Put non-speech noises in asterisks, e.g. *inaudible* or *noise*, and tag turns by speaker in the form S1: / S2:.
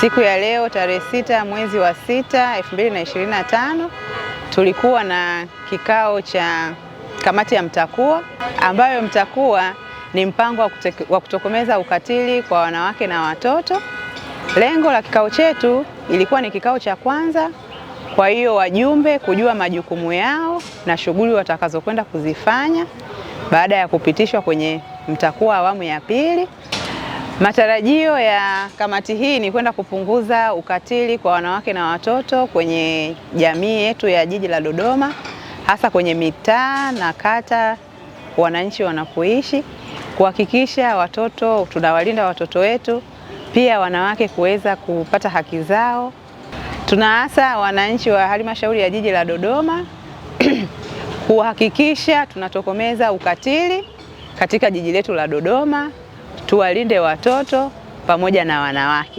S1: Siku ya leo tarehe sita mwezi wa sita na tano tulikuwa na kikao cha kamati ya MTAKUWA ambayo MTAKUWA ni mpango wa kutokomeza ukatili kwa wanawake na watoto. Lengo la kikao chetu ilikuwa ni kikao cha kwanza, kwa hiyo wajumbe kujua majukumu yao na shughuli watakazokwenda kuzifanya baada ya kupitishwa kwenye MTAKUWA awamu ya pili. Matarajio ya kamati hii ni kwenda kupunguza ukatili kwa wanawake na watoto kwenye jamii yetu ya jiji la Dodoma, hasa kwenye mitaa na kata wananchi wanapoishi, kuhakikisha watoto tunawalinda watoto wetu, pia wanawake kuweza kupata haki zao. Tunaasa wananchi wa halmashauri ya jiji la Dodoma *clears throat* kuhakikisha tunatokomeza ukatili katika jiji letu la Dodoma tuwalinde watoto pamoja na wanawake.